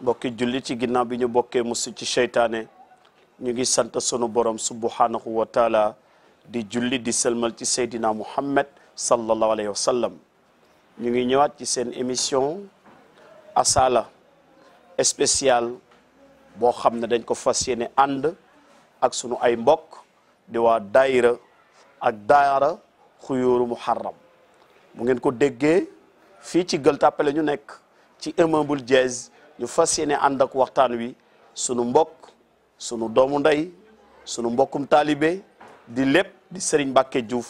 mbokki julli ci ginnaaw bi ñu bokkee musu ci seytaane ñu ngi sant sunu borom subhanahu wa di julli di sëlmal ci seydina muhammad sallallahu alayhi wa sallam ñu ngi ñëwaat ci seen émission asala spéciale boo xam ne dañ ko fas yéene ànd ak sunu ay mbokk di waa daayira ak daara xuyóoru muharram mu ngeen ko déggee fii ci Gueule Tapée la nekk ci immeuble Diez ñu fas yéene ànd ak waxtaan wi sunu mbokk sunu doomu ndey sunu mbokkum taalibe di lépp di Serigne Mbacké Diouf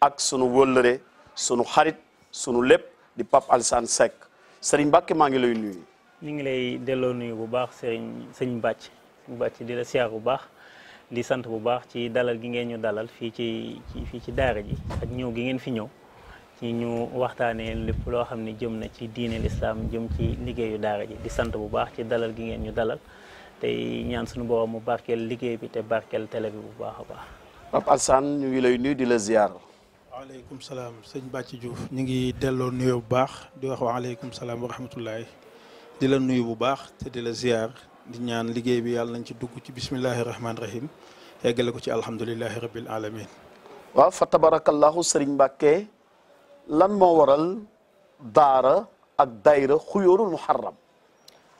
ak sunu wëllëre sunu xarit sunu lépp di Pape Alassane Seck Serigne Mbacké maa ngi lay nuyu. ñu ngi lay delloo nuyu bu baax Serigne sëñ Mbàcc sëñ di la siyaar bu baax di sant bu baax ci dalal gi ngeen ñu dalal fii ci fii ci daara ji ak ñëw gi ngeen fi ñëw. ci ñu waxtaanee lépp loo xam ne jëm na ci diine lislaam jëm ci liggéeyu daara ji di sant bu baax ci dalal gi ngeen ñu dalal tey ñaan suñu borom mu barkeel liggéey bi te barkeel télé bi bu baax a baax. Pape Alsane ñu ngi lay nuyu di la ziar. waaleykum salaam sëñ Bàcc Diouf ñu ngi delloo nuyoo bu baax di wax waaleykum salaam wa rahmatullahi di la nuyu bu baax te di la ziar di ñaan liggéey bi yàlla nañ ci dugg ci bismillahi rahmaani rahim eggale ko ci alhamdulillahi rabbil alamin lan moo waral daara ak dayra xuyóoru muharram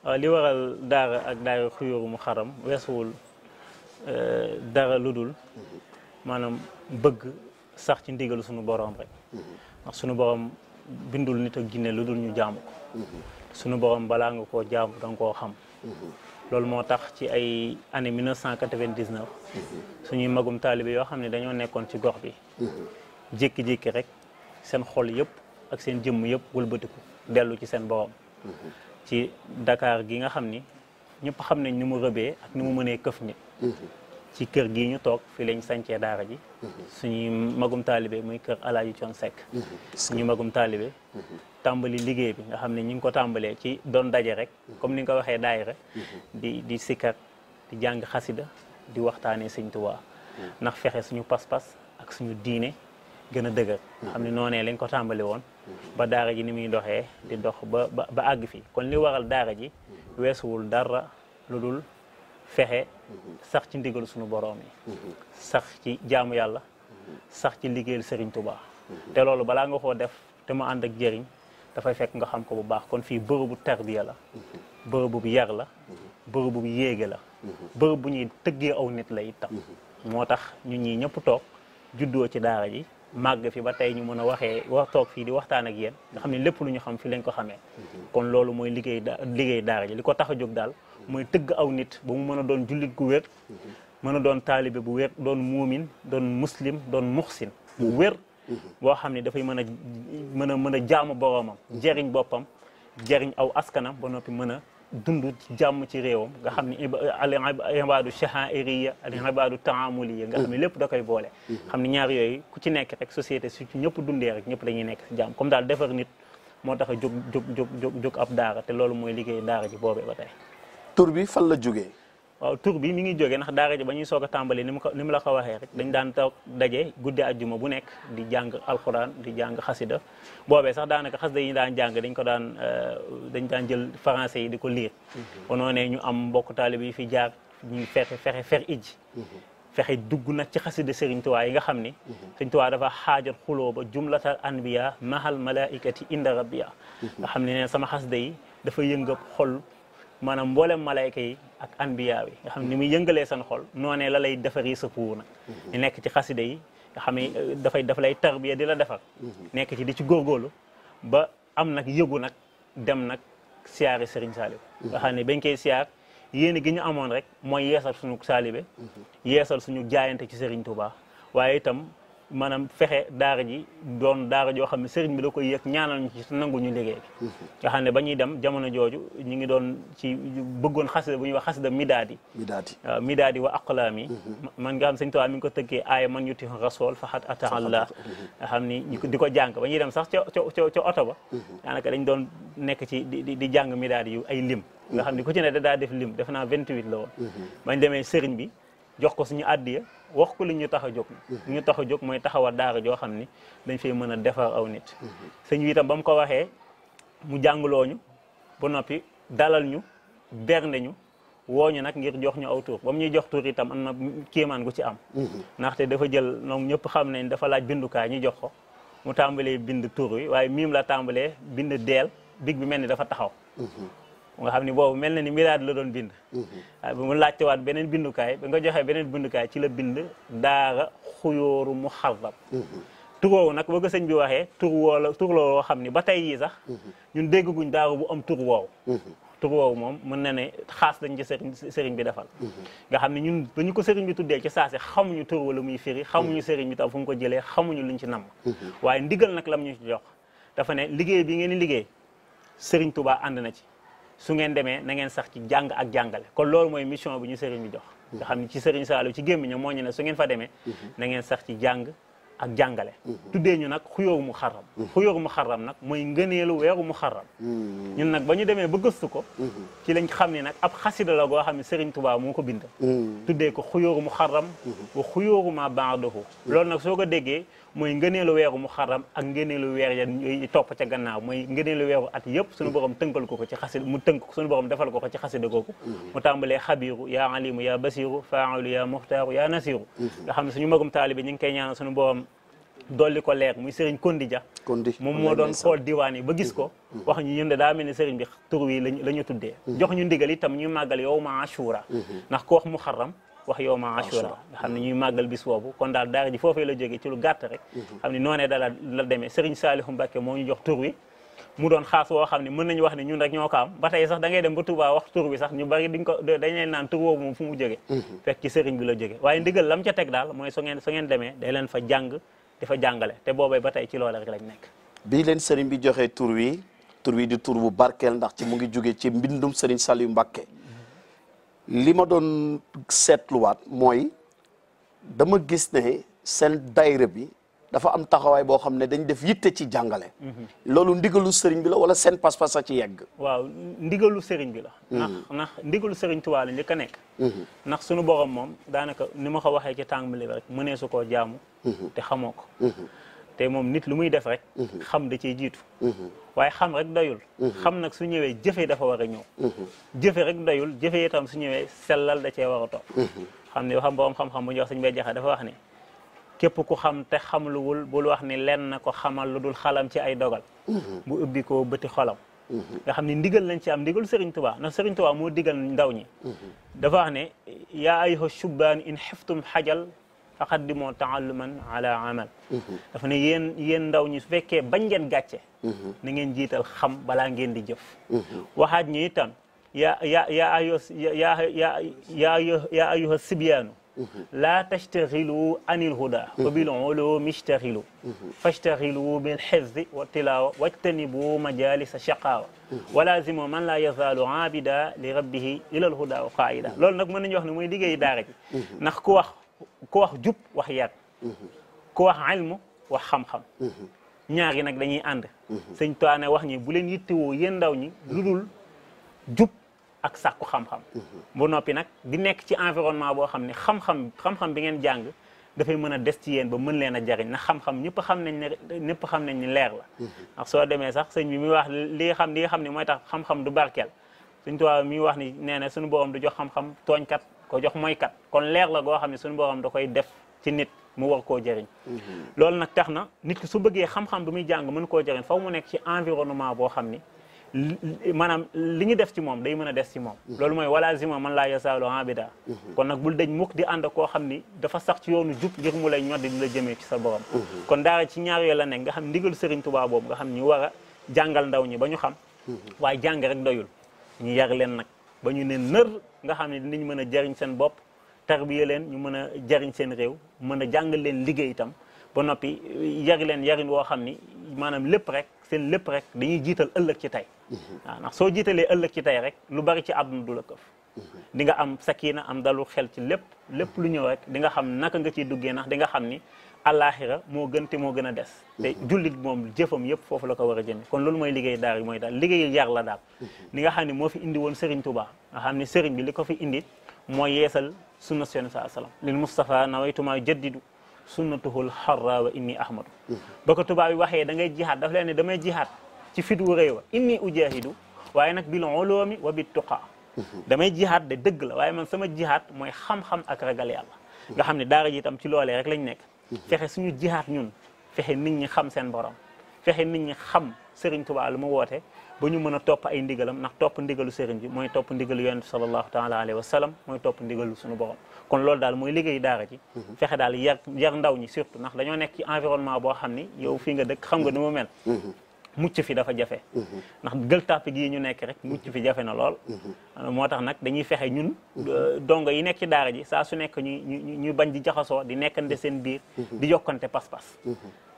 ah, li waral daara ak dayra xuyóoru muharram weesuwul eh, dara lu dul maanaam bëgg sax ci ndigalu sunu borom rek ndax sunu borom bindul nit ak jinne lu dul ñu jaamu ko sunu borom balaa nga koo jaamu danga koo xam loolu moo tax ci ay année 1999 suñuy magum taalibe yoo xam ne dañoo nekkoon ci gox bi mhm. jékki-jékki rek seen xol yëpp ak seen jëmm yëpp walbatiku dellu ci seen borom. ci Dakar gi nga xam ni ñëpp xam nañ ni mu rëbee ak ni mu mënee këf nit ci kër gii ñu toog fi lañ sancee daara ji suñuy magum muy kër Alaaji Thione suñu magum taalibe tàmbali liggéey bi nga xam ne ñu ngi ko tàmbalee ci doon daje rek comme ni nga ko waxee daayira di di sikkat di jàng xasida di waxtaanee Sëñ ndax fexe suñu pas-pas ak suñu diine gën a dëgër hmm. xam ne noonee lañ ko tàmbali woon ba daara ji ni muy doxee di dox ba ba àgg fi kon li waral daara ji hmm. weesuwul dara lu dul fexe hmm. sax ci ndigalu suñu boroom yi sax ci jaamu yàlla sax ci liggéeyal sëriñ Tuubaa te loolu balaa nga koo def te mu ànd ak jëriñ dafay fekk nga xam ko bu baax kon fii bërëbu tarbiya la bërëbu bu yar la bërëbu yéege la bërëb bu ñuy tëggee aw nit la itam moo tax ñun ñii ñëpp toog juddoo ci daara ji màgg fi ba tey ñu mën a waxee wax toog fii di waxtaan ak yéen xam ne lépp lu ñu xam fi lañ ko xamee mhm. kon loolu mooy liggéey liggéey daara ji li ko tax a jóg daal mooy tëgg aw nit ba mu mën a doon jullit gu wér mhm. mën a doon taalibe bu wér doon muumin doon muslim doon muxsin bu mhm. wér boo xam ne dafay mën a mën a mën a jaamu boroomam jëriñ boppam jëriñ aw askanam ba noppi mën a dund jàmm ci réewam nga xam ne al ibaadu shahairiya al ibaadu taamuliya nga xam ne lépp da koy boole xam ne ñaar yooyu ku ci nekk rek société su ci ñëpp dundee rek ñëpp dañuy nekk si jàmm comme daal defar nit moo tax a jóg jóg jóg jóg ab daara te loolu mooy liggéey daara ji boobee ba tey tur bi fan la jógee waaw tur bi mi ngi jógee ndax daara ji ba ñu soog a tàmbali ni ko ni mu la ko waxee rek dañ daan toog daje guddi ajjuma bu nekk di jàng alxuraan di jàng xasida boobe sax daanaka xasida yi daan jàng dañ ko daan euh, dañ daan jël français yi di ko liir onoo mhm. ne ñu am mbokk taalib yi fi jaar ñuy fexe fexe fer ij mhm. fexe dugg nag ci xasida Serigne Touba yi nga xam ni mhm. Serigne Touba dafa xaajal xuloo ba jumlatal anbiya mahal malaikati inda rabbiya nga xam ne ne sama xasida yi dafa yëngab xol maanaam mboolem malayka ak anbiya bi nga xam ni muy yëngalee seen xol noonee la lay defari sa puur nag mm-hmm. ñu nekk ci xasida yi nga xam ni euh, dafay dafa lay tarbiya di la defar mm-hmm. nekk ci di ci góorgóorlu ba am nag yëgu nag dem nag siyaare Serigne Saliou mm-hmm. nga xam ne bañ koy siyaar yéen gi ñu amoon rek mooy yeesal suñu saalibe yeesal suñu jaayante ci Serigne Touba waaye itam maanaam fexe daara ji doon daara joo xam ne sëriñ bi la ko yëg ñaanal ñu ci nangu ñu liggéey bi nga xam ne ba ñuy dem jamono jooju ñu ngi doon ci bëggoon xasida bu ñuy wax xasida midaadi midaadi waaw midaadi wa aqlaam yi mhm. man nga xam sëñ Tuubaa mi ngi ko tëggee aaya man yuti rasool faxat ataallah mhm. nga xam ni di ko jàng ba ñuy dem sax ca ca ca oto ba mhm. daanaka dañ doon nekk ci di di jàng midaadi yu ay lim nga xam ne ku ci ne da def lim def naa vingt-huit la bañ demee sëriñ bi jox ko suñu àddiya wax ko lu ñu tax a jóg mm-hmm. ñu tax a jóg mooy taxawal daara joo xam ni dañ fee mën a defar aw nit mm-hmm. sëñ bi itam ba mu ko waxee mu ñu ba noppi dalal ñu bernde ñu wooñu nag ngir jox ñu aw tur ba mu ñuy jox tuur itam am na kéemaan gu ci am mm-hmm. ndaxte dafa jël ñoom ñëpp xam nañ dafa laaj bindukaay ñu jox ko mu tàmbalee bind tuur wi waaye miim la tàmbalee bind deel big bi mel ni dafa taxaw nga xam ni boobu mel na ni miraad la doon bind mhm. bu mu waat beneen bindukaay ba nga joxee beneen bindukaay ci la bind daara xuyóoru muharram mhm. tur woowu nag bëgg sëñ bi waxee tur woo woo xam ni ba tey sax mhm. ñun dégguñ daara bu am tur moom mën na ne xaas dañ ci sëriñ sëriñ bi defal nga xam ne ñun dañu ko sëriñ bi tuddee ci saasi xamuñu tur wala muy firi xamuñu sëriñ bi tam fu mu ko jëlee xamuñu luñ ci namm waaye ndigal nag lam ñu ci jox dafa ne liggéey bi ngeen di liggéey sëriñ tubaa ànd na ci su ngeen demee na ngeen sax ci jàng ak jàngale kon loolu mooy mission bu ñu sëriñ bi jox nga xam ne ci sëriñ Saliou ci gémmiñam moo ñu ne su ngeen fa demee mhm. na ngeen sax ci jàng ak jàngale mhm. tuddee ñu nag xuyóoru mu xarram mhm. xuyóoru mu xarram nag mooy ngëneelu weeru mu xarram ñun nag ba ñu demee ba gëstu ko ci lañ xam ne nag ab xasida la goo xam ne sëriñ Tuubaa moo ko bind tuddee ko xuyóoru mu xarram wa xuyóoru ma ba'dahu loolu nag soo ko déggee mooy ngëneelu weeru muharram ak ngëneelu weer ya topp ca gannaaw mooy ngëneelu weeru at yëpp suñu borom tënkal ko ko ci xasida mu tënk suñu borom defal ko ko ci xasida googu mm-hmm. mu tàmbalee xabiiru yaa alimu yaa basiru faalu yaa muxtaaru yaa nasiru mm-hmm. nga xam ne magum taalibe ñu ngi koy ñaanal suñu borom dolli ko leer muy Serigne Kondi ja Kondi moom moo doon xool diwaan yi ba gis ko mm-hmm. wax ñu ñun de daa mel ni Serigne bi tur wi la ñu tuddee jox ñu ndigal itam ñu màggal yow ma ashura ndax ko wax muharram wax yow ma asura nga xam ne mm. ñuy màggal bis boobu kon daal daara ji foofee la jógee ci lu rek mm-hmm. xam ne noonee dala la demee Serigne Saliou Mbacké ñu jox tur mu doon xaas woo xam ne mën nañu wax ne ñun rek ñoo ko am sax da ngay dem ba Touba wax tur bi sax ñu bari diñ dañ leen naan tur moom fu mu jóge mm-hmm. fekk sëriñ bi la jóge waaye ndigal lam ca teg daal mooy su ngeen day leen fa jàng di fa jàngale te boobee ba tey ci loolu rek lañ nekk bii leen sëriñ bi joxee tur wi li ma doon seetluwaat mooy dama gis ne seen daayira bi dafa am taxawaay boo xam ne dañ def yitte ci jàngale. Mhm. loolu ndigalu sëriñ bi la wala seen pas-pas a ci yegg. waaw ndigalu sëriñ bi la. Mhm. ndax ndax ndigalu sëriñ Tuubaa la njëkk a nekk. Mhm. ndax sunu borom moom daanaka ni ma xa waxee ci tàng bi rek mënee su koo jaamu. te xamoo ko. te moom nit lu muy def rek. Mhm. xam da ciy jiitu. Mhm. waaye xam rek doyul. Mhm. xam nag su ñëwee jëfe dafa war ñëw. jëfe rek doyul jëfe itam su ñëwee sellal da cee war a topp. xam ne waxam borom xam-xam bu ñuy wax suñu bay jaxa dafa wax ne képp ku xam te xamluwul bul wax ni lenn na ko xamal lu dul xalam ci ay dogal. bu ubbi ko bëti xolam. nga xam ne ndigal lañ ci am ndigal Serigne Touba ndax Serigne Touba moo digal ndaw ñi. dafa wax ne yaa ayyuha shubbaan in xiftum xajal. aqaddimoo taalluman ala amal mhm. dafa ne yéen yéen ndaw ñi su fekkee bañ ngeen gàcce mhm. na ngeen jiital xam balaa ngeen di jëf mhm. waxaat ñi itam yaa ya yaa ayos ya ya ya ya ayuha sibyaanu laa tastaxilu anil huda wa bil ulumi staxilu fastaxilu bil xifzi wa tilaawa wajtanibu majalisa shaqaawa walaazimo man laa yazaalu aabida li rabbihi ilal huda wa qaida loolu nag mën nañu wax ne mooy liggéey daara ji ndax ku wax ku wax jub wax yar ku wax ilmu wax xam-xam ñaar yi nag dañuy ànd sëñ Tuubaa ne wax ñi bu leen yittewoo yéen ndaw ñi lu dul jub ak sàkku xam-xam bu noppi nag di nekk ci environnement boo xam ne xam-xam bi ngeen jàng dafay mën a des ci yéen ba mën leen a jariñ na xam-xam ñëpp xam nañ ne ñëpp xam nañ ni leer la ndax soo demee sax sëñ bi muy wax li nga xam li xam ne mooy tax xam-xam du barkeel sëñ Tuubaa mi wax ni nee na suñu du jox xam-xam tooñkat ko jox kat kon leer la goo xam ne suñu borom da koy def ci nit mu war koo jëriñ mhm. loolu nag tax na nit ki su bëggee xam-xam muy jàng mën koo jëriñ faw mu nekk ci environnement boo xam ni maanaam li ñu def ci moom day mën a des ci moom mhm. loolu mooy wala zima man laa yasaalu abida mhm. kon nag bul dañ mukk di ànd koo xam ni dafa sax ci yoonu jub ngir mu lay ñoddi di la jëmee ci sa borom kon daa ci ñaar yooyu la nekk nga xam ndigal sëriñ Tuubaa boobu nga xam ñu war a jàngal ndaw ñi ba ñu xam waaye jàng rek doyul ñu yar leen nag ba ñu ne nër nga xam ne dinañ mën a jariñ seen bopp tarbiya leen ñu mën a jariñ seen réew mën a jàngal leen liggéey itam ba noppi yari leen yarin woo xam ni maanaam lépp rek seen lépp rek dañuy jiital ëllëg ci tey mhm. waaw ndax soo jiitalee ëllëg ci tey rek lu bari ci àdduna du la këf mhm. di nga am sakina am dalu xel ci lépp lépp lu ñëw rek di nga xam naka nga ciy duggee ndax di nga xam ni àllaaxira moo gën te moo gën a des te mhm. jullit moom jëfam yëpp foofu la ko war a jënd kon loolu mooy liggéey daar yi mooy daal liggéey yar daal li mhm. nga xam ne moo fi indi woon Serigne Touba nga xam ne sëriñ bi li ko fi indi mooy yeesal sunna seen sa salaam lil Moustapha nawaytumaa jaddidu sunnatuhul xarra wa inni ahmadu mhm. ba ko tubaab yi waxee da ngay jihaat daf leen ne damay jihaat ci fit wu réy wa inni ujahidu waaye nag bil ulumi wa bit damay jihaat de dëgg la waaye man sama jihaat mooy xam-xam ak ragal yàlla nga xam ne daara ji ci loolee rek lañ nekk fexe suñu jihaat ñun fexe nit ñi xam seen borom fexe nit ñi xam Serigne Touba lu mu woote ba ñu mën a topp ay ndigalam nax topp ndigalu Serigne bi mooy topp ndigalu yonent sallallahu taala alayhi wa sallam mooy topp ndigalu suñu borom kon loolu daal mooy liggéey daara ji mhm. fexe daal yar yar ndaw ñi surtout nax dañoo nekk ci environnement boo xam ni yow fi nga dëkk xam nga nu mu mel mhm. mucc fi dafa jafe. Mm-hmm. ndax gël tàpp gii ñu nekk rek mucc fi jafe na lool. Mm-hmm. moo tax nag dañuy fexe ñun. Mm-hmm. Euh, dongo yi nekk ci daara ji saa su nekk ñu ñu bañ di jaxasoo di nekkante seen biir. di yokkante pas-pas.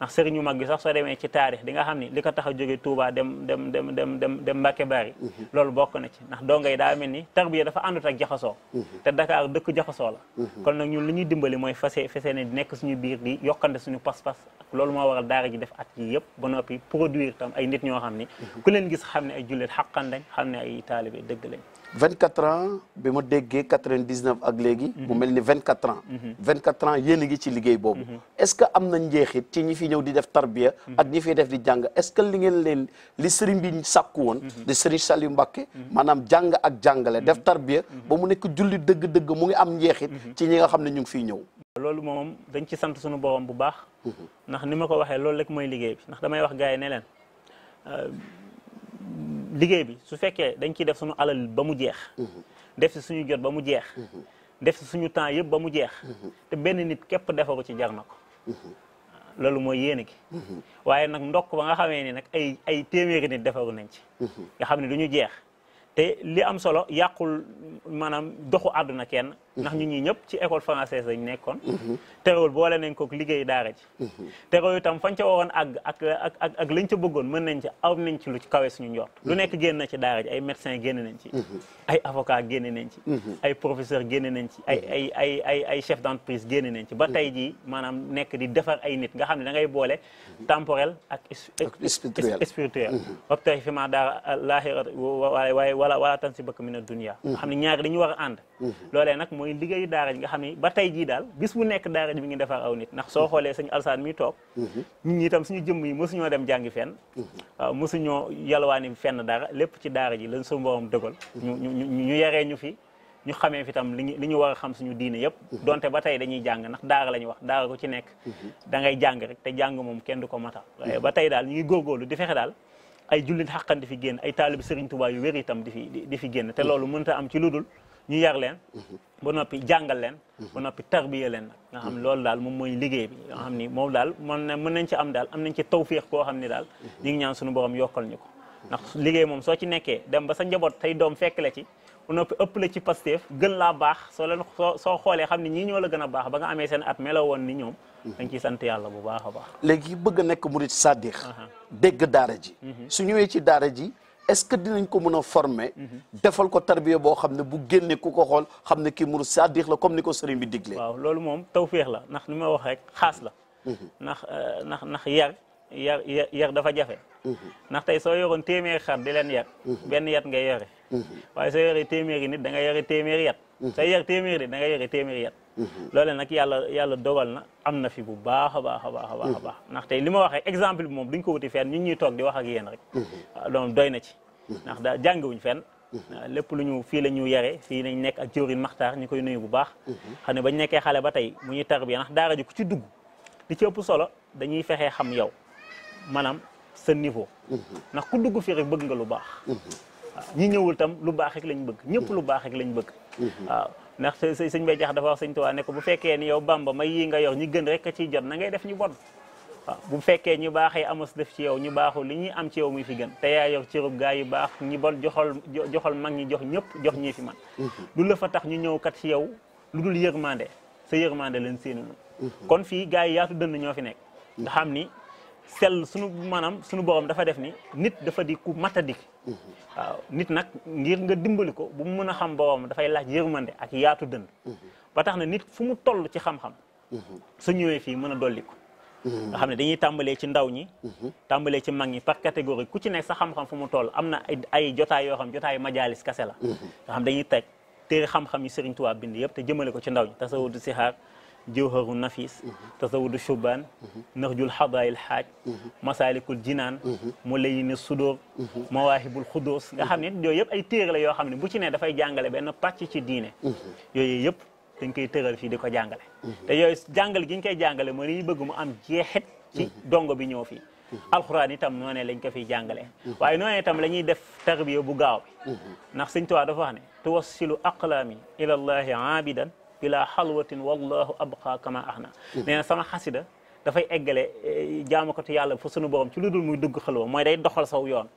ndax sëriñ yu mag bi sax soo demee ci taarix di xam ni li ko tax a jóge Touba dem dem dem dem dem dem Bari mhm. loolu bokk na ci ndax donga yi daa mel ni tarbiya dafa àndut ak jaxasoo mhm. te Dakar dëkk jaxasoo la mhm. kon nag ñun li ñuy dimbali mooy fase fase ne di nekk suñu biir di yokkante suñu pas-pas loolu moo waral daara ji def at yi yëpp ba produire tam ay nit ñoo xam ni ku leen gis xam ne ay jullit xaqan lañ xam ne ay taalibe dëgg lañ 24 ans bi ma déggee 99 ak léegi. Mhm. mu mel ni vingt 24 ans. 24 mhm. ans yéen a ngi ci liggéey boobu. Mhm. est-ce que am na njeexit ci ñi fi ñëw di def tarbiya. ak ñi fi def di jàng est-ce que li ngeen leen li sëriñ bi ñu sàkku woon. di sëriñ Saliou Mbacké. maanaam jàng ak jàngale def tarbiya. ba mu nekk julli dëgg-dëgg mu ngi am njeexit. ci ñi nga xam ne ñu ngi fiy ñëw. loolu moom dañ ci sant suñu borom bu baax. ndax ni ma ko waxee loolu rek mooy liggéey bi ndax damay wax gars ne leen. Euh, liggéey bi su fekkee dañ ciy def suñu alal ba mu jeex mm-hmm. def si suñu jot ba mu jeex mm-hmm. def si suñu temps yëpp ba mu jeex mm-hmm. te benn nit képp defa ci jar na ko loolu mooy yéene gi waaye nag ndokk ba nga xamee ni nag ay ay téeméeri nit defaru nañ ci nga xam ne du ñu jeex te li am solo yàqul maanaam doxu àdduna kenn ndax ñu ñi ñëpp ci école française lañ nekkoon terewul boole nañ ko liggéey daara ci terewul itam fañ ca waroon àgg ak ak ca bëggoon mën nañ ci aw nañ ci lu ci kawe suñu njort lu nekk génn na ci daara ji ay médecin génn nañ ci ay avocat génn nañ ci ay professeur génn nañ ci ay ay ay ay ay chef d'entreprise génn nañ ci ba tey jii maanaam nekk di defar ay nit nga xam ne da ngay boole temporel ak spirituel waptari fi ma daara laaxirat waaye wala wala tan si bëkk mi na dunia xam ne ñaari mooy liggéeyu daara ji nga xam ni ba tey ji daal bis bu nekk daara ji mi ngi defar aw nit ndax soo xoolee suñu alsaan mi toog ñun mhm. ñi itam suñu jëmm yi mosuñoo dem jàngi fenn mhm. waaw mosuñoo yalwaani fenn dara lépp ci daara ji lañ suñu borom dëgal mhm. ñu ñu yaree ñu fi ñu xamee fi tam li ñu war a xam suñu diine yëpp donte ba tey dañuy jàng ndax daara la ñu wax daara ko ci nekk da ngay jàng rek te jàng moom kenn du ko matal waaye ba tey daal ñu ngi góorgóorlu di fexe daal ay jullit xaqan di fi génn ay taalib Serigne Touba yu wér itam di fi di fi génn te loolu mënta am ci lu dul ñu yar leen ba noppi jàngal leen ba noppi tarbiya leen nag nga xam loolu daal moom mooy liggéey bi nga xam ni moom daal mën nañ ci am daal am nañ ci tawféex koo xam ni daal ñu ngi ñaan suñu borom yokkal ñu ko ndax liggéey moom soo ci nekkee dem ba sa njaboot tey doom fekk la ci ba noppi ëpp la ci Pastef gën laa baax soo leen soo xoolee xam ne ñii ñoo la gën a baax ba nga amee seen at meloo woon ni ñoom mhm. dañ ciy sant yàlla bu baax a baax léegi bëgg a nekk murid sadiq dégg daara ji mhm. est-ce que dinañ ko mën a former. defal ko tarbiya boo xam ne bu génne ku ko xool xam ne kii murid saadix la comme ni ko sëriñ bi diglee. waaw loolu moom tawféex la ndax ni ma wax rek xaas la. ndax euh, ndax ndax yar yar yar dafa jafe. ndax tey soo yoroon téeméeri xar di leen yar. benn yat ngay yore. Uhuh. waaye soo yoree téeméeri nit da nga yore téeméeri yat. Uhuh. soo yar téeméeri da nga yore téeméeri yat. Mm-hmm. loole nag yàlla yàlla dogal na am na fi bu baax a baax a baax a baax a mm-hmm. li ma waxee exemple bi moom duñ ko wuti fenn ñun ñuy toog di wax ak yéen rek mm-hmm. ah, loolu doy na ci ndax da jàngiwuñ fen ah, lépp lu ñu fii la ñu yare fii lañ nekk ak jëwrin maxtaar ñu koy nuyu bu baax xam ne bañ nekkee xale ba tey mu ñuy tarbiya ndax daara ji ku ci dugg li ci ëpp solo dañuy fexee xam yow maanaam sa niveau ndax ku dugg fii rek bëgg nga lu baax ah, ñu ñëwul tam lu baax rek lañ bëgg ñëpp lu baax rek lañ bëgg ndax sëñ Bay Jax dafa wax sëñ Tuubaa ne ko bu fekkee ni yow Bamba may yii nga yor ñi gën rek a ciy jot na ngay def ñu bon bu fekkee ñu baaxee amos def ci yow ñu baaxul li ñuy am ci yow muy fi gën te yaa yor cërub gaa yu baax ñi bon joxol joxol mag ñi jox ñëpp jox ñii fi man mhm. du la fa tax ñu ñëw kat ci yow lu dul yërmande sa yërmande leen séenu mhm. kon fi gaa yi yaatu dënn ñoo fi nekk xam ni sell sunu maanaam sunu borom dafa def ni nit dafa di ku matadik waaw nit nag ngir nga dimbali ko bu mu mën a xam borom dafay laaj yërmande ak yaatu dënd ba tax na nit fu mu toll ci xam-xam su ñëwee fii mën a dolli ko nga xam ne dañuy tàmbalee ci ndaw ñi tàmbalee ci mag ñi par catégorie ku ci nekk sa xam-xam fu mu toll am na ay jotaay yoo xam jotaay majaalis kase la nga xam dañuy teg téere xam-xam yi Serigne tuwaa bind yëpp te jëmale ko ci ndaw ñi tasawudu sixaar jawharu nafis mhm. tasawudu shubaan mhm. naxjul xadaayil xaaj mhm. masaalikul jinaan mu layi ni sudóor mawaahibul xudóos nga xam ne yooyu yëpp ay téere la yoo xam ne bu ci ne dafay jàngale benn pàcc ci diine yooyu yëpp dañ koy tëral fii di ko jàngale te yo jàngal gi ñu koy jàngale mooy dañuy mu am jeexit ci dongo bi ñëw fii alxuraan itam noonee lañ ko fiy jàngalee waaye noonee tam la ñuy def tarbiya bu gaaw bi ndax sëñ Tuubaa dafa wax ne ilallahi aabidan ila xalwatin wallahu abqa kama ahna nee na sama xasida dafay eggale eh, jaamakatu yàlla fa sunu borom ci lu dul muy dugg xalwa mooy day doxal saw yoon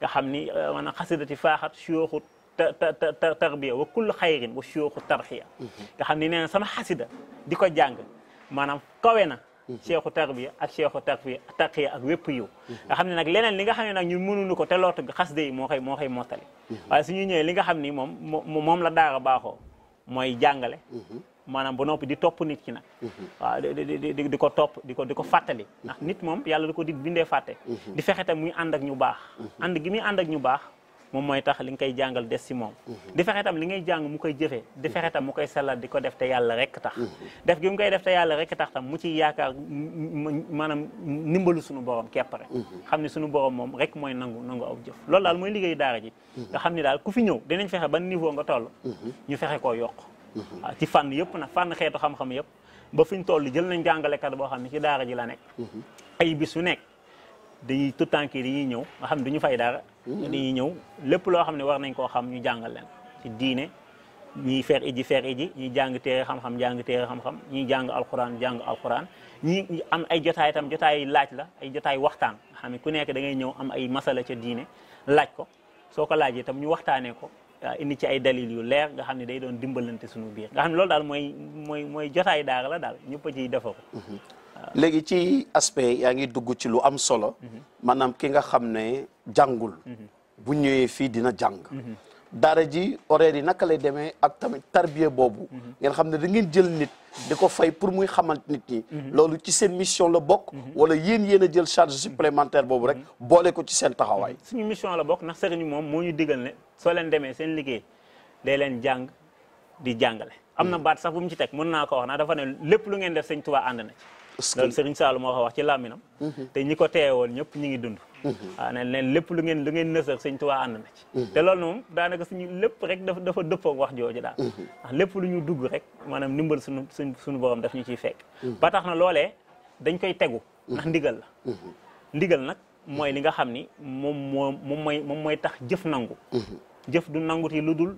nga xam ni eh, maanaam xasida ti faaxat siyooxu ta tarbiya wa kullu xayrin wa siyooxu tarxiya nga xam ni nee na sama xasida di ko jàng maanaam kawe na cheikhu tarbiya ak cheikhu tarbiya taqiya ak wépp yiw nga xam ne nag leneen li nga xam ne nag ñun ko te lootu xasida yi moo koy moo koy mottali waaye suñuy li nga xam ni moom moom la daara baaxoo mooy jàngale. Mhm. maanaam ba noppi di topp nit ki nag. Mhm. waaw di ko topp di ko di ko fàttali. Mhm. ndax nit moom yàlla da ko di bindee fàtte. di fexe tam muy ànd ak ñu baax. ànd gi muy ànd ak ñu baax. moom mooy tax li nga koy jàngal des si moom mhm. di fexe tam li ngay jàng mu koy jëfee di fexe tam mu koy sellal di ko def te yàlla rek tax mhm. def gi mu koy def te yàlla rek tax tam mu ciy yaakaar maanaam ndimbalu suñu borom képp rek mhm. xam ne suñu borom moom rek mooy nangu nangu aw jëf loolu daal mooy liggéey daara ji nga xam ne daal ku fi ñëw dinañ fexe ban niveau nga toll ñu fexe koo yokk ci fànn yëpp na fànn xeetu xam-xam yëpp ba fi ñu toll jël nañ jàngalekat boo xam ne ci daara ji la nekk ay dañuy mmh. ñëw lépp loo xam ne war nañ koo xam ñu jàngal leen ci diine ñiy feer iji feer iji ñiy jàng téere xam-xam jàng al xam-xam ñiy jàng alxuraan jàng ñi am ay jotaay itam jotaay laaj la ay jotaay waxtaan nga xam ne ku nekk da ngay ñëw am ay masala ci diine laaj ko soo ko laajee itam ñu waxtaanee ko ah, indi ci ay dalil yu leer nga xam ne day doon dimbalante suñu biir nga xam ne loolu daal mooy mooy mooy jotaay daara la daal ñëpp a ciy defa ko mmh. léegi ci aspect yaa ngi dugg ci lu am solo maanaam ki nga xam ne jàngul bu ñëwee fii dina jàng daara ji horaire yi naka lay demee ak tamit tarbiya boobu ngeen xam ne da ngeen jël nit di ko fay pour muy xamante nit ñi loolu ci seen mission la bokk wala yéen yéen a jël charge supplémentaire boobu rek boole ko ci seen taxawaay suñu mission la bokk ndax sëriñ ñu moom moo ñu digal ne soo demee seen liggéey day leen jàng di jàngale am na baat sax bu mu ci tek mën naa ko wax na dafa ne lépp lu ngeen def sëñ Tuubaa ànd na loolu Serigne Sall moo ko wax ci làmminam mhm. te ñi ko teewoon ñëpp ñu ngi dund mhm. waaw ne leen lépp lu ngeen lu ngeen nësër sëñ Tuubaa ànd na ci mhm. te loolu moom daanaka suñu lépp rek dafa dafa dëppoog wax jooju daal lépp lu ñu dugg rek maanaam ndimbal suñu suñ suñu borom daf ñu ciy fekk ba tax na loolee dañ koy tegu ndax ndigal la ndigal nag mooy li nga xam ni moom moo moom mooy moom mooy tax jëf nangu jëf du nanguti lu dul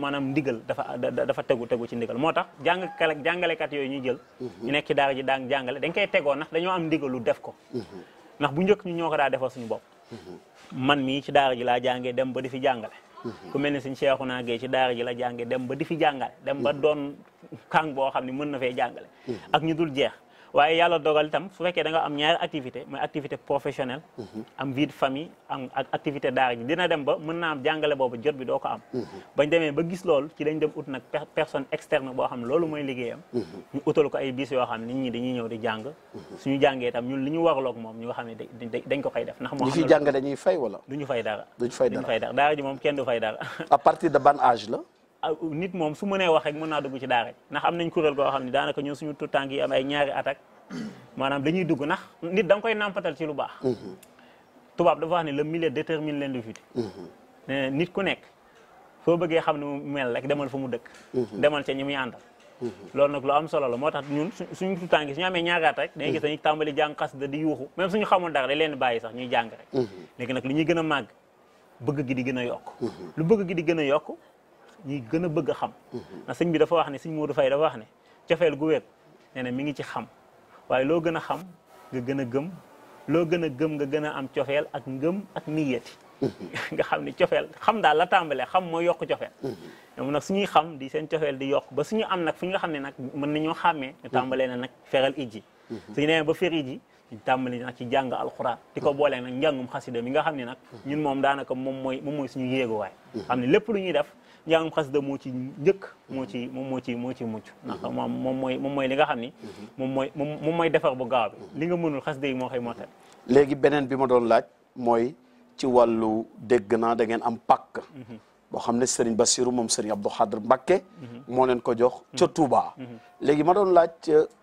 maanaam ndigal dafa dafa tegu tegu ci ndigal moo tax jàngkale jàngalekat yooyu ñuy jël mhm. ñu nekk ci daara ji daan jàngale dañ koy tegoo ndax dañoo am ndigalu def ko mhm. ndax bu njëkk ñu ñoo ko daa defal suñu bopp mhm. man mii ci daara ji laa jàngee dem ba di fi jàngale ku mel ni suñ seexu naa ci daara ji la jàngee dem ba di fi jàngale dem ba doon kàng boo xam ne mën na fee jàngale ak ñu dul jeex waaye yàlla dogal itam su fekkee danga am ñaari activité mooy activité professionnelle mhm. am vie de famille am ak activité daara ji dina dem ba mën naa jàngale boobu jot bi doo ko am mhm. bañ demee ba gis loolu ci lañ dem ut nag personne externe boo xam loolu mooy liggéeyam mhm. ñu utal ko ay bis yoo xam nit ñi dañuy ñëw di jàng suñu jàngee itam ñun li ñu warloog moom ñu nga xam ne dañ ko koy def ndax moo xam jàng dañuy fay wala duñu fay dara duñu fay dara daara ji moom kenn du fay dara à de ban la Ah, nit moom su mënee wax rek mën naa dugg ci daara ndax am nañ kuréel goo xam ne daanaka ñun suñu tuutànk yi am ay ñaari maanaam dañuy dugg ndax nit da nga koy nàmpatal ci lu baax mm-hmm. tubaab dafa wax ne le milieu détermine l'individu mm-hmm. ne nit ku nekk soo bëggee xam ne mu mel rek demal fa mu dëkk mm-hmm. demal ca ñu mu àndal loolu nag lu am solo la moo tax ñun suñu tuutànk yi suñu amee ñaari attaque dañuy gis dañuy tàmbali jàng xasida di yuuxu même suñu xamul dara dañ leen bàyyi sax ñuy jàng rek nag lu ñuy gën a màgg bëgg gi di gën a yokk lu bëgg gi di gën a yokk ñuy gën a bëgg a xam mhm. ndax sëñ bi dafa wax ne sëñ Modou Faye dafa wax ne cofeel gu wér nee mi ngi ci xam waaye loo gën a xam nga gën a gëm loo gën a gëm nga gën a am cofeel ak ngëm ak niyati mhm. nga xam ne cofeel xam daal la tàmbalee xam mooy yokk cofeel mhm. ñoom nag suñuy xam di seen cofeel di yokk ba suñu am nag fu ñu xam ne nag mën nañoo xàmmee tàmbalee na nag feral ijji suñu demee ba fer ijji tàmbali nag ci jàng alxuraan di ko boolee nag njàngum xasida mi nga xam ne nag ñun moom daanaka moom mooy moom mooy suñu yéeguwaay xam ne lépp lu ñuy def njàngum xasida moo ci njëkk moo ci moom moo moo ci mucc mhm. mooy moom mooy li nga xam ni mhm. moo mooy moom mooy defar bu gaaw bi li nga mënul xasida yi moo xëy moo tax léegi beneen bi ma doon laaj mooy ci wàllu dégg naa da ngeen am pàkk mhm. boo xam ne ba Bassirou moom Serigne Abdou Khadr Mbacké moo leen ko jox ca Touba léegi ma doon laaj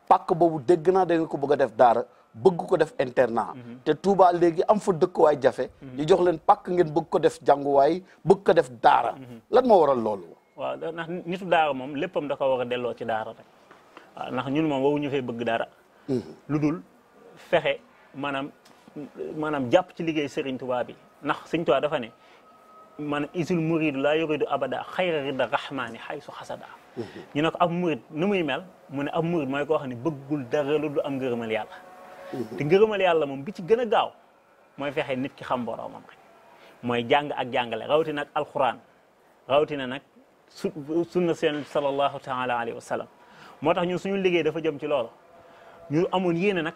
pàkk boobu dégg naa da ngeen ko bëgg a def daara bëgg ko def internat. Mhm. te Touba léegi am fa dëkkuwaay jafe. Mhm. ñu jox leen pàkk ngeen bëgg ko def jànguwaay bëgg ko def daara. Mhm. lan moo waral loolu. waaw ndax nitu daara moom léppam da ko war a delloo ci daara rek waaw ndax ñun moom waruñu fe bëgg dara. lu dul fexe maanaam maanaam jàpp ci liggéey Serigne Touba bi ndax Serigne Touba dafa ne. man isil muridu laa yuridu abada xayra rida rahmaani xaysu xasada ñu ne ak ab murid nu muy mel mu ne ab murid mooy koo xam ne bëggul dara lu du am ngërëmal yàlla te ngërëmal yàlla moom bi ci gën a gaaw mooy fexe nit ki xam boroomam rek mooy jàng ak jàngale rawati nag alxuraan rawatina nag su sunna seen sallallahu taala alayhi wa sallam moo tax ñun suñu liggéey dafa jëm ci loolu ñu amoon yéene nag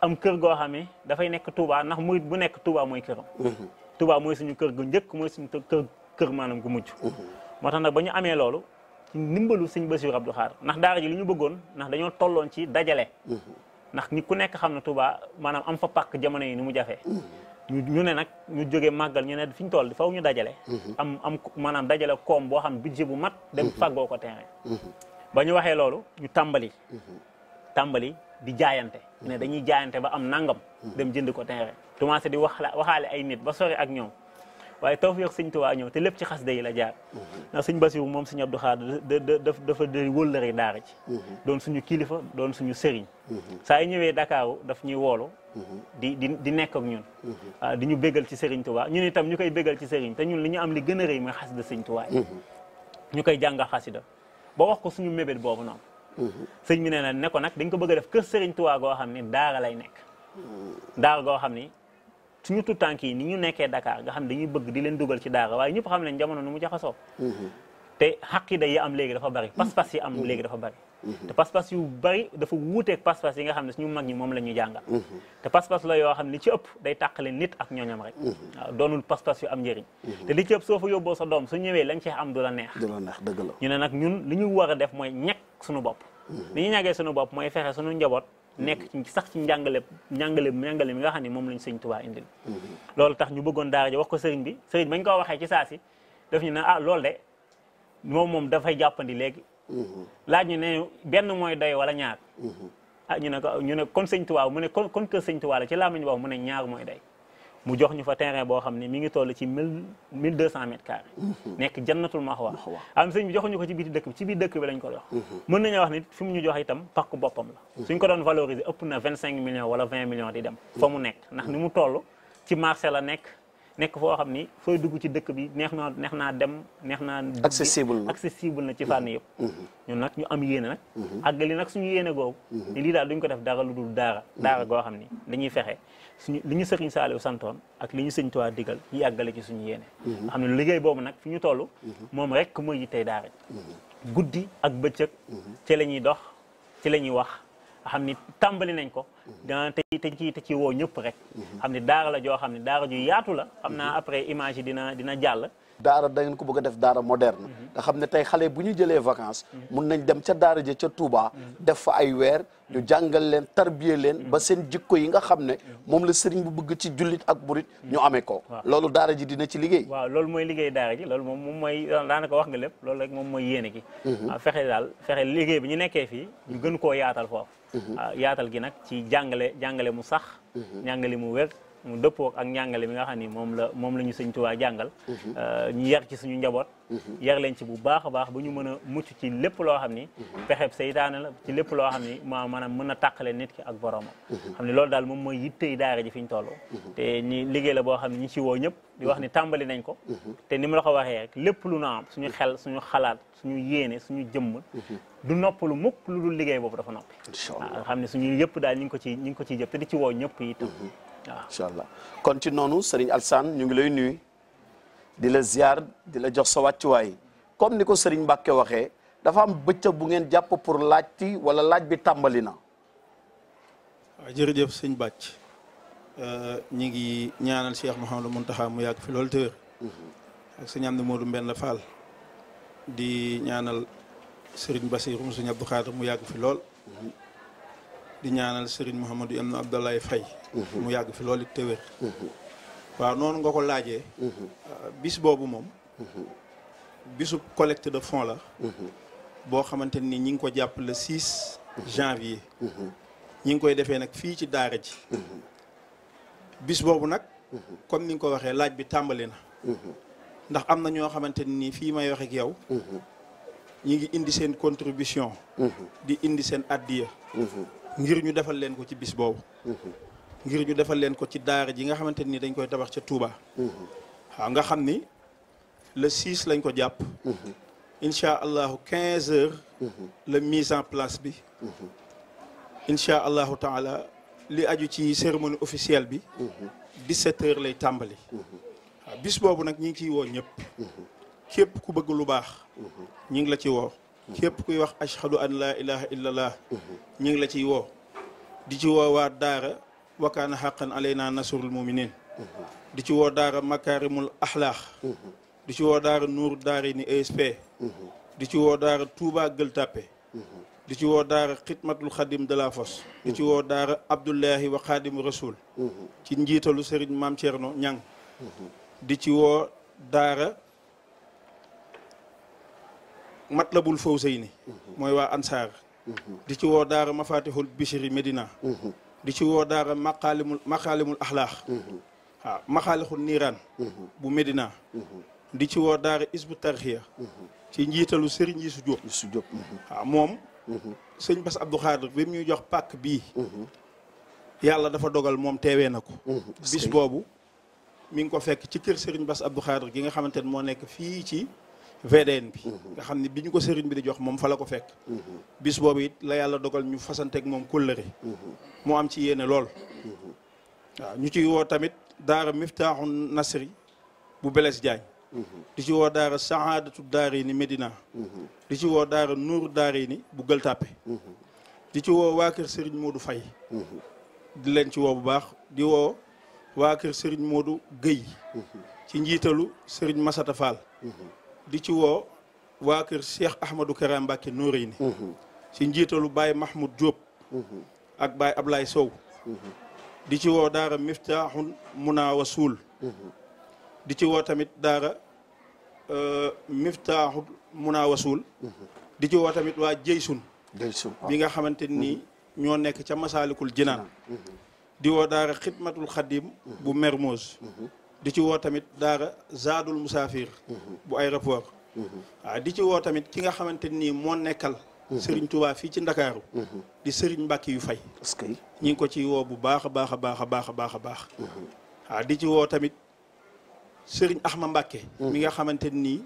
am kër goo xamee dafay nekk Touba ndax murit bu nekk Touba mooy këram mm-hmm. Touba mooy suñu kër gu njëkk mooy suñu kër kër maanaam gu mujj mm-hmm. moo tax nag ba ñu amee loolu ci ndimbalu sëñ Bassirou Abdou Khadre ndax daara ji li ñu bëggoon ndax dañoo tolloon ci dajale mm-hmm. ndax ni ku nekk xam na Touba maanaam am fa pàkk jamono yi ni mu jafee ñu ne nag ñu jógee màggal ñu ne fi ñu toll faw ñu dajale am am maanaam dajale koom boo xam budget bu mat dem fàggoo ko terrain ba ñu waxee loolu ñu tàmbali tàmbali di jaayante ne dañuy jaayante ba am nangam dem jënd ko terrain commencé di wax waxaale ay nit ba sori ak ñoom waaye tawfeex sëñ Tuubaa ñëw te lépp ci xasida yi la jaar ndax sëñ Basiru moom sëñ Abdou Khadre da dafa day wëllëre daara ci doon suñu kilifa doon suñu sëriñ saa yu ñëwee Dakaaru daf ñuy woolu di di di nekk ak ñun ah, di ñu béggal ci sëriñ Tuubaa ñun itam ñu koy béggal ci sëriñ te ñun li ñu am li gën a rëy mooy xasida sëñ Tuubaa ñu koy jàngal xasida ba wax ko suñu mébét boobu noonu sëñ bi nee na ne nag dañ ko bëgg a def kër sëriñ tuwaa goo xam ne daara lay nekk daara goo xam ni suñu tout tànk yi ni ñu nekkee Dakar nga xam ne dañuy bëgg di leen dugal ci daara waaye ñëpp xam nañ jamono nu mu jaxasoo mhm. te xaqida yi am léegi dafa bari mhm. pas-pas yi am mhm. léegi dafa bari te pas-pas yu bari dafa wuuteeg pas-pas yi nga xam ne suñu mag ñi moom lañu ñu jàngal te pas-pas la yoo xam ne li ci ëpp day tàqale nit ak rek waaw doonul pas-pas am njëriñ te li ci ëpp soo fa yóbboo sa doom su ñëwee lañ ci am du la neex ñu ne nag ñun li ñu war a def mooy ñekk suñu bopp li ñu ñàggee suñu bopp mooy fexe suñu njaboot nekk ci sax ci njàngale njàngale njàngale mi nga xam ne moom lañ sëñ Tuubaa indil mhm. loolu tax ñu bëggoon daara ji wax ko sëriñ bi sëriñ bañ koo waxee ci saa si daf ñu ne ah loolu de moom moom dafay jàppandi léegi mhm. laaj ñu ne benn mooy doy wala ñaar mhm. ah ñu ne ko ñu ne kon sëñ Tuubaa mu ne kon kon kër sëñ Tuubaa ci làmmiñ boobu mu ne ñaar mooy doy mu jox ñu fa terrain boo xam ne mi ngi toll ci mille mille deux cent mètres carrés mhm. nekk jannatul maxwa am sëñ bi joxuñu ko ci biir dëkk bi ci biir dëkk bi lañ ko jox mhm. mën nañoo wax ni fi mu ñu jox itam parc boppam la mhm. suñ ko doon valoriser ëpp na vingt cinq millions wala vingt millions di dem fa mu nekk ndax ni mu toll ci marché la nekk nekk foo xam ni fooy dugg ci dëkk bi neex naa neex naa dem neex naa accessible na accessible na ci fànn yëpp ñun nag ñu am yéene nag àggali nag suñu yéene googu lii daal duñ ko def dara lu dul daara daara goo xam ni dañuy fexe suñu li ñu sëriñ Saaliw santoon ak li ñu sëñ Tuubaa digal ñu yàggale ci suñu yéene nga mhm. xam ne liggéey boobu nag fi ñu toll mhm. moom rek mooy tey daara mhm. guddi ak bëccëg ci la ñuy dox ci la ñuy wax nga xam ni tàmbali nañ ko dina te te ci te ci woo ñëpp rek mhm. xam ne daara la yaatu la xam naa mhm. après image dina jàll daara da ngeen ko bëgg a def daara moderne mhm. nga xam ne tey xale bu ñu jëlee vacances mun nañ dem ca daara ja ca Touba def fa ay weer ñu jàngal leen tarbiye ba seen jikko yi nga xam ne moom la sëriñ bu bëgg ci jullit ak burit ñu amee ko loolu daara ji dina ci liggéey waaw loolu mooy liggéey daara ji loolu moom moom mooy daanaka wax nga lépp loolu rek moom mooy yéene gi ah, fexe daal fexe liggéey bi ñu nekkee fii ñu gën koo yaatal yaatal gi nag ci jàngale jàngale mu sax mhm. jàngale mu wér mu dëppoo ak njàngale mi nga xam ni moom la moom la ñu sëñ Tuubaa jàngal mhm. euh, ñu yar ci suñu njaboot mhm. yar leen ci bu baax a baax ba ñu mën a mucc ci lépp loo xam ni mhm. pexeb seytaane la ci lépp loo xam ni ma maanaam mën a tàqale nit ki ak boroomam xam ne loolu daal moom mooy yittey daara ji fiñ ñu toll te ni liggéey la boo xam ne ñi ci woo ñëpp di wax ni tàmbali nañ ko te ni mu la ko waxee rek lépp lu na am suñu xel suñu xalaat suñu yéene suñu jëmm du lu mukk lu du liggéey boobu dafa noppi xam ne suñu ñu incha allah kon ci noonu Serigne Alsaan ñu ngi lay nuyu di la ziar di la jox sa wàccuwaay comme ni ko Serigne Mbacke waxee dafa am bëccëg bu ngeen jàpp pour laajti wala laaj bi tàmbali na. waaw jërëjëf sëñ Bàcc ñu ngi ñaanal Cheikh Mouhamadou Mountakha mu yàgg fi loolu tër mhm. ak sëñ Amdi Modou Mbenn Fall di ñaanal Serigne Bassirou mu sëñ Abdou mu yàgg fi lool. Mhm. di ñaanal Serigne Mouhamadou am na Abdoulaye fay mhm. mu yàgg fi loolu te wér mhm. waaw noonu nga ko laajee mhm. euh, bis boobu moom bisu collecte de fonds la boo xamante ni ñi ngi ko jàpp le 6 janvier ñi ngi koy defee nag fii ci daara ji bis boobu nag comme ni nga ko waxee laaj bi tàmbali na ndax am na ñoo xamante ni fii may wax ak yow ñi ngi indi seen contribution di indi seen addiya ngir ñu defal leen ko ci bis boobu ngir ñu defal leen ko ci daara ji nga xamante ni dañ koy tabax ca Touba waaw nga xam ni le 6 lañ ko jàpp incha allahu 15 heures la mise en place bi incha allahu taala li aju ci cérémonie officielle bi 17 heures lay tàmbali waaw bis boobu nag ñi ngi ciy woo ñëpp képp ku bëgg lu baax ñi ngi la ci woo képp kuy wax ashhadu an laa ilaha illallah ñu ngi la ciy woo di ci woo waa daara wakaana xaqan alayna nasrul muminin di ci woo daara makaarimul axlaax di ci woo daara nuur daari ni ESP di ci woo daara Touba Gueule di ci woo daara xidmatul xadim de la Fosse di ci woo daara Abdullahi wa xaadimu rasul ci njiitalu Serigne Maam Thierno Ñang di ci woo daara Matlabul Fawzayni mooy waa Ansaar di ci woo daara Mafatihul Bichri Medina di ci woo daara maqaalimul maqaalimul axlaax waaw maxaalixul niiraan bu Medina di ci woo daara isbu tarxiya ci njiitalu Serigne Youssou Diop Youssou Diop mhm. waaw moom sëñ Bass Abdou Khadre bi mu jox pàkk bii yàlla dafa dogal moom teewee na ko mhm. bis boobu mi ngi ko fekk ci kër Serigne bas Abdou Khadre gi nga xamante ne moo nekk fii ci VDN bi mhm. nga xam ne bi ñu ko sëriñ bi di jox moom fa la ko fekk mhm. bis boobu it la yàlla dogal ñu fasanteeg moom kóllëre moo mhm. am ci yéene lool waaw ñu ci woo tamit daara miftaaxu nasri bu Blaise Diagne di ci woo daara sahaadatu daari ni Médina di ci woo daara nuuru daari ni bu Gueule Tapée di ci woo waa kër sëriñ Modou Faye di leen ci woo bu baax di woo waa kër sëriñ Modou Guèye ci njiitalu sëriñ Masata Fall di ci woo waa kër Cheikh Ahmadou Kara Mbacké Noreyni mhm. ci njiitalu baay Mahmoud Diop mhm. ak baay ablaay Sow mhm. di ci woo daara Miftahul Muna wa Suul di ci woo tamit daara euh, Miftahul Muna wa Suul di ci woo tamit waa Jeysun bi nga xamante ni ñoo nekk ca Masaalikul Jinaan di woo daara Xidmatul Xadim bu Mermoz di ci woo tamit daara zaadul musaafir bu aéroport mhm. waaw di ci woo tamit ki nga xamante nii moo nekkal mhm. sëriñ Touba fii ci ndakaaru mhm. di sëriñ Mbàkke yu fay ñi ngi ko ci woo bu baax a baax a baax baax a baax a baax waaw di ci woo tamit sëriñ Axma Mbàkke mi nga xamante nii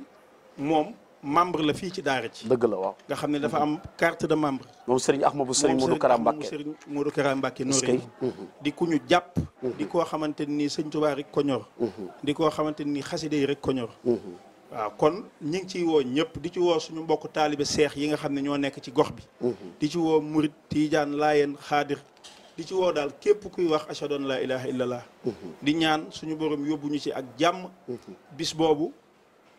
moom membre la fii ci daara ci dëgg la waaw nga xam ne dafa am carte de membre moom Serigne Ahmadou Serigne Modou Kara Mbacké Serigne Modou Kara Mbacké nooré mhm. di ku ñu jàpp mhm. di koo xamante ni sëñ Tuubaa rek ko mhm. di koo xamante ni xasida yi rek ko ñor waaw kon ñi ngi ciy woo ñëpp di ci woo suñu mbokk taalibe seex yi nga xam ne ñoo nekk ci gox bi di ci woo murit tiijaan laayeen xaadir di ci woo daal képp kuy wax ashhadu la laa ilaaha illallah di ñaan suñu boroom yóbbu ñu ci ak jàmm bis boobu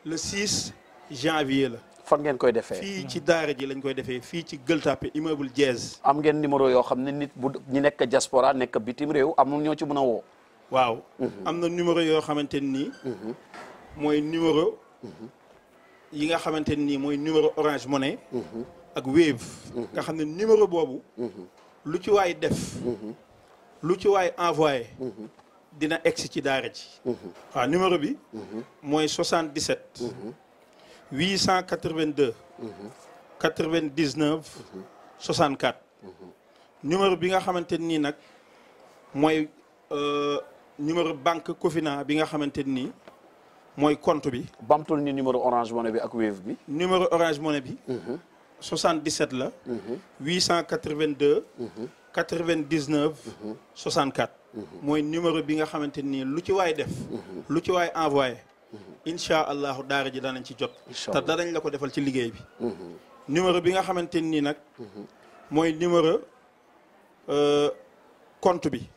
le 6 janvier la. fan ngeen koy defee fii ci daara ji lañ koy defee fii ci Gëltape immeuble Diez. am ngeen numéro yoo xam ne nit bu ñi nekk diaspora nekk bitim réew am ñoo ci mën a woo. waaw mhm. am na numéro yoo xamante nii mhm. mooy numéro mhm. yi nga xamante nii mooy numéro Orange Money ak Wave nga xam ne numéro boobu lu ci waay def lu ci waay envoyé dina egsi ci daara ji waaw numéro bi mooy 77 882. 99. 64. numéro bi nga xamante nii nag mooy euh, numéro banque Cofina bi nga xamante ni mooy compte bi. bamtul ni numéro orange money bi ak wave bi. numéro orange money bi. 77 mhm. la. 882. 99. 64. mooy numéro bi nga xamante nii lu ci waay def. Mhm. lu ci waay envoyé. Mm-hmm. incha allahu daara ji daanañ ci jot te danañ la ko defal ci liggéey bi mm-hmm. numéro bi nga xamante nii nag mm-hmm. mooy numéro euh, compte bi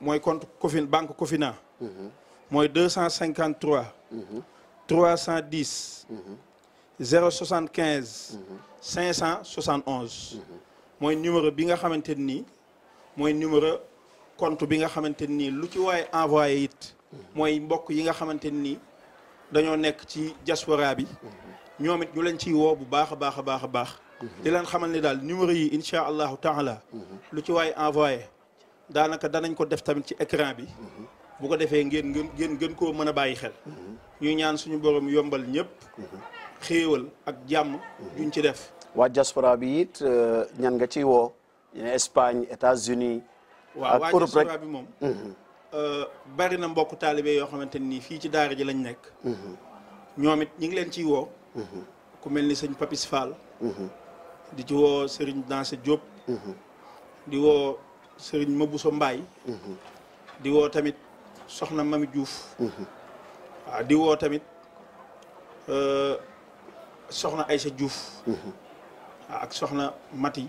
mooy compte Cofin banque Cofina mooy deux cent cinquante trois trois cent dix zéro soixante quinze cinq cent soixante onze mooy numéro bi nga xamante nii mooy numéro compte bi nga xamante nii lu ci waaye envoyé it mooy mbokk yi nga xamante ni dañoo nekk ci diaspora bi ñoom ñu lañ ci woo bu baax a baax a baax a baax di leen xamal ni daal numéro yi incha allahu taala lu ci waaye envoyé daanaka danañ ko def tamit ci écran bi bu ko defee ngeen ngeen gën koo mën a bàyyi xel ñu ñaan suñu borom yombal ñëpp xéewal ak jàmm duñ ci def waa diaspora bi it euh, ñan nga ciy woo ñu ne Espagne États-Unis waaw waa diaspora bi moom mhm. Euh, bari na mbokk taalibe yoo xamante nii fii ci daara ji lañ nekk mhm. ñoom it ñi ngi leen ciy woo mhm. ku mel ni sëñ Papis Fall mhm. di ci woo sëriñ Danse Diop di woo sëriñ Mabuso Mbaay di woo tamit soxna Mami Diouf waaw di tamit euh, soxna Aysa Diouf ak soxna Mati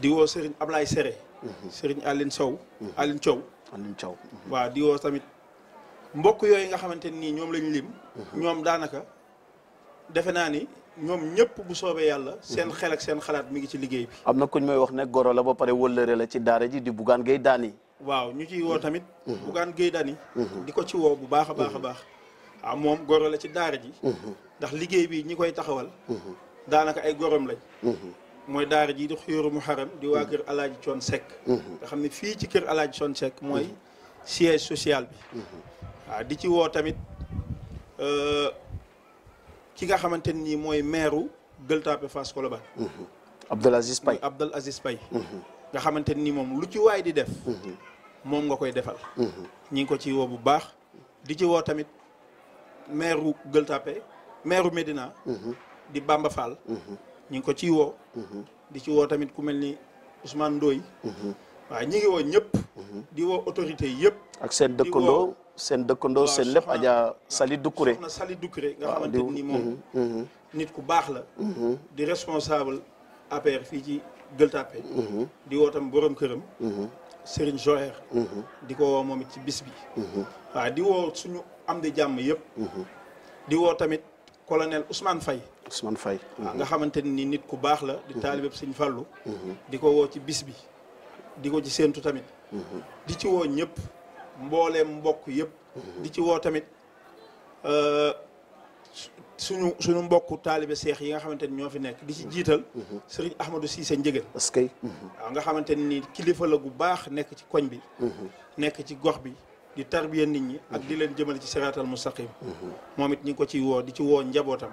di woo sëriñ Ablaay Sere sëriñ Aline Sow. Mm-hmm. Aline Thiaw. Aline Thiaw. Mm-hmm. tamit mbokk yooyu nga xamante nii ñoom lañu lim. Mm-hmm. ñoom daanaka defe naa ni ñoom ñëpp bu soobee yàlla. seen xel ak seen xalaat mi ngi ci liggéey bi. am na kuñ may wax ne goro la ba pare wëllëre la ci daara ji di Bougane gay daani waaw ñu ciy woo tamit. Bougane Gueye Dany. di ko ci woo bu baax a baax a baax. waaw ah, moom goro la ci daara ji. ndax liggéey bi ñi koy taxawal. daanaka ay gorom lañ. mooy daara ji di xuyóoru muharam di waa kër alaaji coon Seck mhm. nga xam ne fii ci kër alaaji coon Seck mooy mhm. siège social bi mhm. waaw di ci woo tamit euh, ki nga xamante nii mooy maire Gueule Tapée Fass Colobane Abdel Aziz Paye xamante ni moom lu ci waay di def moom nga koy defal ñi ngi ko ci woo bu baax di ci woo tamit maire Gueule Tapée maire Médina di Bamba ñu ngi ko ciy woo. Mhm. di ci woo tamit ku mel ni Ousmane Ndoye. Mhm. waaw ñi ngi woo ñëpp. Mhm. di woo autorité yëpp. ak seen dëkkandoo seen dëkkandoo seen lépp aja Sali Doucouré. soxna Sali Doucouré nga xamante ni moom. nit ku baax la. di responsable APR fii ci Gueule Tapée. di woo tam borom këram. Serigne Joher. di ko woo moom ci bis bi. waaw di woo suñu am di jàmm yëpp. di woo tamit colonel Ousmane fay Ousmane Faye nga xamante ni nit ku baax la di mhm. taalibe sëñ Fallou mhm. di ko woo ci bis bi di ko ci séentu tamit mhm. di ci woo ñëpp mbooleem mbokk yépp di ci woo tamit euh, suñu suñu mbokku taalibe seex yi nga xamante ni ñoo fi nekk di ci jiital sëriñ Ahmadou Cissé Njëgën parce que waaw nga xamante ni kilifa la gu baax nekk ci koñ bi nekk ci gox bi di tarbiya nit ñi ak di leen jëmale ci siraatal mustaqim moom it ñi ngi ko ciy woo di ci woo njabootam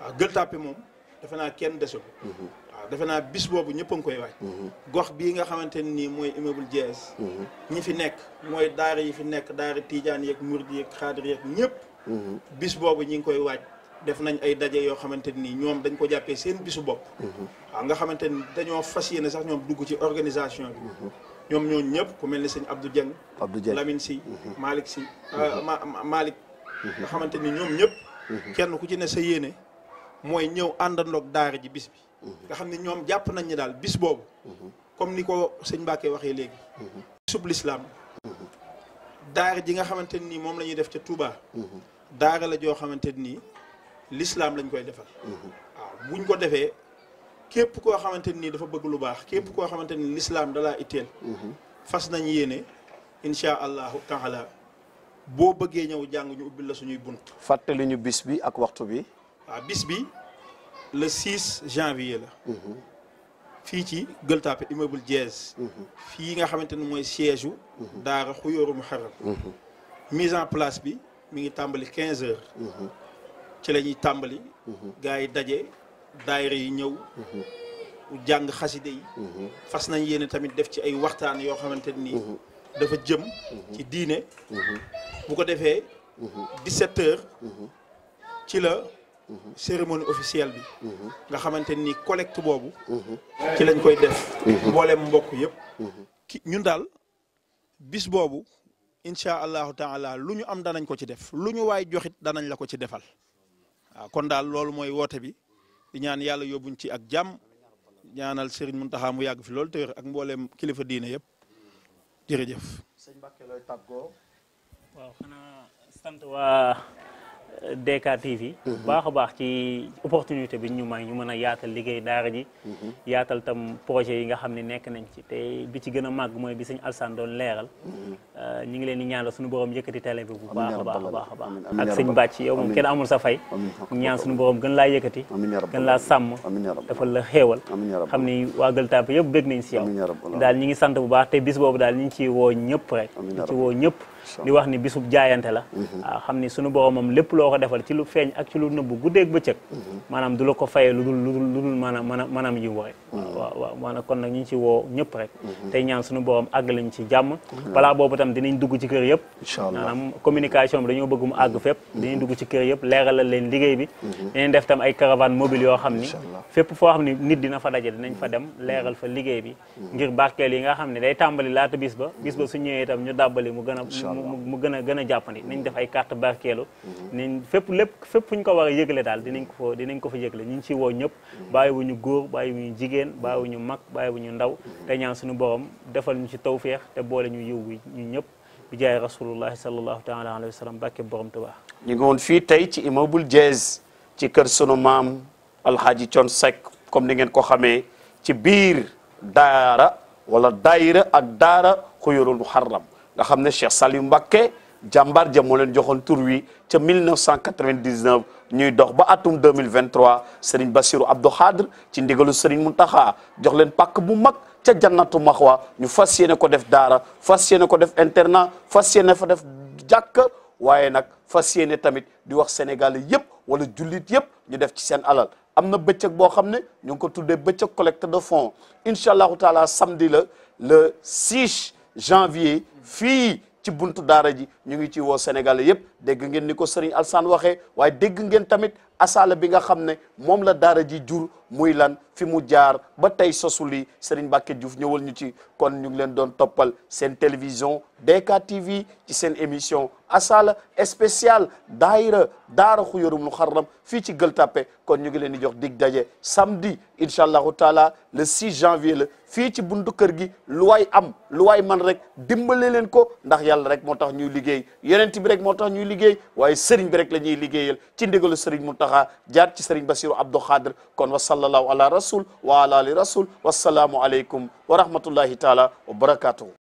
waa Gueule Tapée moom defe naa kenn desu waaw defe naa bis boobu ñëpp a ngi koy waaj gox bii nga xamante ne nii mooy immeuble JS ñi fi nekk mooy daara yi fi nekk daara tiijaan yeeg murid yeeg xaadir yeeg ñëpp bis boobu ñi ngi koy waaj def nañ ay daje yoo xamante nii ñoom dañ ko jàppee seen bisu bopp nga xamante ni dañoo fas yéene sax ñoom dugg ci organisation bi ñoom ñoo ñëpp ku mel ni sëñ Abdou Dieng Abdou Dieng Lamine Sy mhm. Malick Sy euh, mhm. Malick mhm. nga xamante ni ñoom ñëpp kenn ku ci ne sa yéene mooy ñëw àndandoog daare ji bis bi nga xam ne ñoom jàpp nañ ni daal bis boobu comme ni ko sëñ Mbàkke waxee léegi bisub lislaam daara ji nga xamante nii moom la def ca Touba daare la joo xamante nii lislaam lañ koy defal buñ ko defee képp koo xamante nii dafa bëgg lu baax képp koo xamante ni lislaam dalaa itteel fas nañ yéene incha allahu taala boo bëggee ñëw jàng ñu ubbil la suñuy bunt fàttali ñu bis bi ak waxtu bi waaw ah, bis bi le 6 janvier la. Mhm. fii ci Gueule Tapée immeuble Diez. Mhm. fii nga xamante ni mooy siège mhm. daara Xuyóoru Muharram mise en place bi mi ngi tàmbali quinze heures. ci lañuy tàmbali. gars yi daje daayira yi ñëw. jàng xaside yi. fas nañ yéene tamit def ci ay waxtaan yoo xamante ni. dafa jëm. ci diine. bu ko defee. 17 heures. ci la. cérémonie officielle bi mhm. nga xamante ni collecte boobu mhm. ci lañ koy def mhm. mbooleem mbokk yëpp ñun daal bis boobu incha allahu taala lu ñu am danañ ko ci def lu ñu waay joxit danañ la ko ci defal kon daal loolu mooy woote bi di ñaan yàlla yóbbuñ ci ak jàmm ñaanal mun taxa mu yàgg fi loolu te ak mbooleem kilifa diine yëpp jërëjëf sëñ DK TV. Mhm. baax a baax ci opportunité bi ñu may ñu mën a yaatal liggéey daara ji. Mhm. yaatal tam projet yi nga xam ne nekk nañ ci te bi ci gën a màgg mooy bi sëñ Alsaan doon leeral. Mhm. Euh, ñu ngi leen di ñaanal sunu borom yëkkati télé bi bu baax a baax a baax ak sëñ Bàcc yow moom kenn amul sa fay. ñaan suñu borom gën la yëkkati. gën laa sàmm. dafa la xéewal. xam ni waa Gueule Tapée yëpp bëgg nañ si yow. daal ñu ngi sant bu baax te bis boobu daal ñu ngi ciy woo ñëpp rek. ñu ci di wax ni bisub jaayante la waaw mhm. ah, xam ni sunu borom moom lépp loo ko defal ci lu feeñ ak ci lu nëbb guddeeg bëccëg mhm. maanaam du la ko fayee lu dul lu yi mhm. waxe waaw waaw maanaam kon nag ñu ci woo ñëpp rek tey ñaan sunu borom àgg lañ ci jàmm balaa boobu tam dinañ dugg ci kër yëpp maanaam communication bi dañoo bëgg mu àgg fépp dinañ dugg ci kër yëpp leeralal leen liggéey bi dinañ def tam ay caravane mobile yoo xam ni fépp foo xam ni nit dina fa daje dinañ fa dem leeral fa liggéey bi ngir barkeel yi nga xam ne day tàmbali laata bis a mu gën a gën a jàppandi nañ def ay carte barkeelu mm-hmm. nañ fépp lépp fépp fu ñu ko war a yëgle daal dinañ ko dinañ ko fa yëgle ñu ngi ciy woo ñëpp mm-hmm. bàyyiwuñu góor bàyyiwuñu jigéen bàyyiwuñu mag bàyyiwuñu ndaw mm-hmm. te ñaan suñu borom defal ñu ci tawféex te boole ñu yiw wi ñu ñëpp bi jaay rasulullahi sallallahu taala alayhi wa sallam bàkke borom tubaa ñu ngi woon fii tey ci immeuble Diez ci kër sunu maam alhaaji Thione Seck comme ni ngeen ko xamee ci biir daara wala daayira ak daara xuyurul muharram nga xam ne Cheikh Saliou Mbacké jàmbaar ja moo leen joxoon tur wi ca 1999 ñuy dox ba atum 2023 Serigne Bassirou Abdou Khadre ci ndigalu Serigne Mountakha jox leen pakk bu mag ca jannatu maxwa ñu fas yéene ko def daara fas yéene ko def internat fas yéene fa def jàkk waaye nag fas yéene tamit di wax Sénégal yëpp wala jullit yëpp ñu def ci seen alal am na bëccëg boo xam ne ñu ngi ko tuddee bëccëg collecte de fonds incha allahu taala samedi la le 6 janvier fii ci buntu daara ji ñu ngi ci woo Sénégalais yëpp dégg ngeen ni ko seriñ Alsane waxee waaye dégg ngeen tamit asaala bi nga xam ne moom la daara ji jur muy lan fi mu jaar ba tey sosu lii Serigne Mbacké Diouf ñëwal ñu ci kon ñu ngi leen doon toppal seen télévision DK TV ci seen émission asaala spéciale daayira daara Xuyóorul Muharram fii ci Gueule Tapée kon ñu ngi leen di jox dig daje samedi incha allahu taala le 6 janvier la fii ci buntu kër gi lu waay am lu waay man rek dimbale leen ko ndax yàlla rek moo tax ñuy liggéey liggéey yonent bi rek moo tax ñuy liggéey waaye sëriñ bi rek la ñuy liggéeyal ci ndigalu sëriñ Muntaxa jaar ci sëriñ Basiru Abdou Xaadir kon wa sallallahu ala rasul wa ala ali rasul salaamu aleykum wa rahmatullahi taala wa barakatuhu